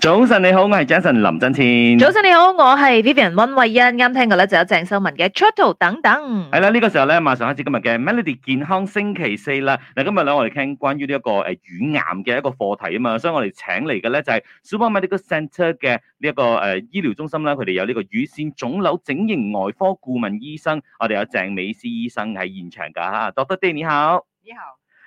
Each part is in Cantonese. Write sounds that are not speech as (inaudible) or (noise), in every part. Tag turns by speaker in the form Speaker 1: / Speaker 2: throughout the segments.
Speaker 1: 早晨你好，我係 Jason 林振謙。早
Speaker 2: 晨你好，我係 Vivian 溫慧欣。啱聽嘅咧就有鄭秀文嘅《Chotto》等等。
Speaker 1: 係啦，呢個時候咧馬上開始今日嘅 Melody 健康星期四啦。嗱，今日咧我哋傾關於呢一個誒乳癌嘅一個課題啊嘛，所以我哋請嚟嘅咧就係 Super Medical Centre 嘅呢一個誒醫療中心啦，佢哋有呢個乳腺腫瘤整形外科顧問醫生，我哋有鄭美詩醫生喺現場噶吓，Doctor Day 你好。你好。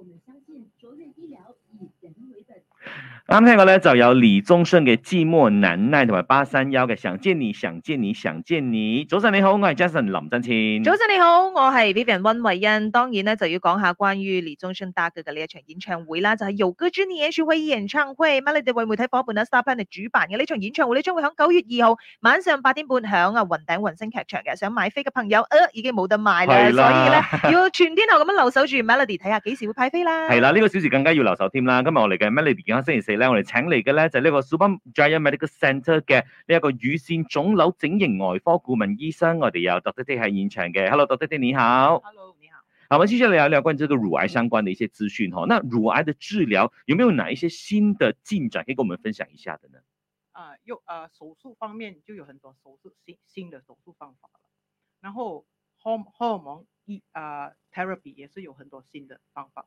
Speaker 1: 我哋啱聽過呢就有李宗盛嘅寂寞難耐，同埋「八三幺嘅想見你想見你想見你」。早晨你好，我係 Jason 林振清。早晨
Speaker 2: 你好，我係 Vivian 溫慧欣。當然呢，就要講下關於李宗盛打嘅呢一場演唱會啦，就係《有歌之年演，演唱會》演唱會 (laughs) ，Melody 為媒體夥伴 Star Planet 嚟主辦嘅呢場演唱會，你將會喺九月二號晚上八點半響啊雲頂雲星劇場嘅。想買飛嘅朋友，呃已經冇得賣對啦，所以呢，要全天候咁樣留守住 Melody 睇下幾時會派。係
Speaker 1: 啦，呢啦個小時更加要留守添啦。對今日我哋嘅 Melody 健康星對期四咧，我哋請嚟嘅咧就呢個蘇邦 Jaya Medical Centre 嘅呢一個乳腺腫瘤整形外科顧問醫生，我哋有 Dr. 德德德喺現場嘅。Hello，Dr. 德德德你好。Hello，你好。係咪接下嚟有聊關於呢個乳癌相關嘅一些資訊嗬，嗯、那乳癌嘅治療有沒有哪一些新的進展可以跟我們分享一下的呢？啊、
Speaker 3: 呃，又啊、呃，手術方面就有很多手術新新的手術方法啦。然後荷荷爾蒙醫啊、e, 呃、，therapy 也是有很多新嘅方法。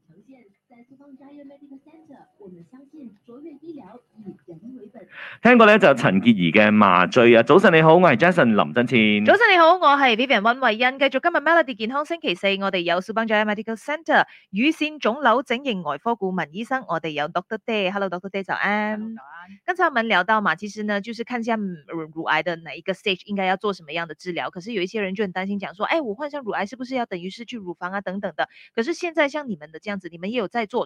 Speaker 1: m e d 聽過咧就陳潔儀嘅麻醉啊，早晨你好，我係 Jason 林振千。早
Speaker 2: 晨你好，我係 Vivian 溫慧欣。繼續今日 Melody 健康星期四，我哋有 Subang Jaya Medical Centre 乳腺腫瘤整形外科顧問醫生，我哋有 Doctor Day，Hello Doctor Day，早安。Hello, 早安。剛才我們聊到嘛，其實呢就是看一下乳癌的哪一個 stage 應該要做什麼樣的治療，可是有一些人就很擔心，講說，哎，我患上乳癌是不是要等於失去乳房啊等等的？可是現在像你們的這樣子，你們也有在做。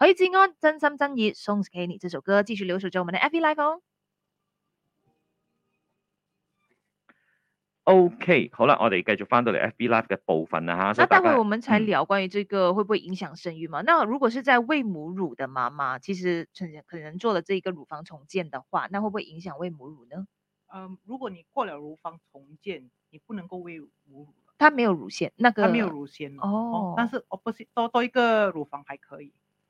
Speaker 2: 許志安真心真意送給你這首歌，繼續留守在我們的 FB Live 哦。
Speaker 1: O K，好啦，我哋繼續翻到嚟 FB Live 嘅部分啦吓。那待會我們才
Speaker 2: 聊關於這個會不會影響生育嘛？嗯、那如果是在餵母乳的媽媽，其實可能做了這一個乳房重建的話，那會不會影響餵母乳呢？嗯，
Speaker 3: 如果你過了乳房重建，你不能夠
Speaker 2: 餵母乳。它沒有乳腺，那個它沒有乳腺
Speaker 3: 哦，但是哦，不是多多一個乳房還可以。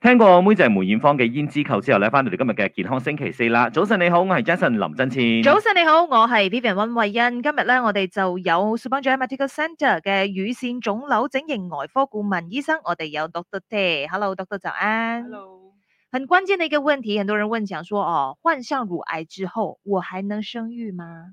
Speaker 1: 聽過妹仔梅艷芳嘅胭脂扣之後咧，翻到嚟今日嘅健康星期四啦。早晨你好，我係 Jason 林真千。早晨
Speaker 2: 你好，我係 Vivian 温慧欣。今日咧，我哋就有 Subang Jaya Medical Center 嘅乳腺腫瘤整形外科顧問醫生，我哋有 Doctor Day。Hello，Doctor，早安。Hello。很關鍵的一個問題，很多人問，講說哦，患上乳癌之後，我還能生育嗎？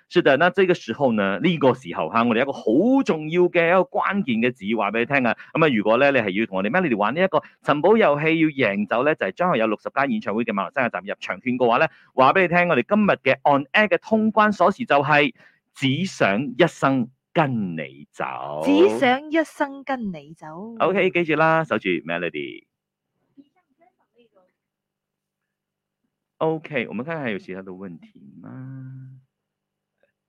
Speaker 1: 是的，咧，呢個時候呢，呢、這個時候嚇，我哋一個好重要嘅一個關鍵嘅字，話俾你聽啊！咁啊，如果咧你係要同我哋 Melody 玩呢一個尋寶遊戲，要贏走咧，就係、是、將來有六十間演唱會嘅馬來西亞站入場券嘅話咧，話俾你聽我，我哋今日嘅 on air 嘅通關鎖匙就係只想一生跟你走，只想
Speaker 2: 一生跟你走。OK，
Speaker 1: 記住啦，守住 melody。OK，我們睇下有其他嘅問題嗎？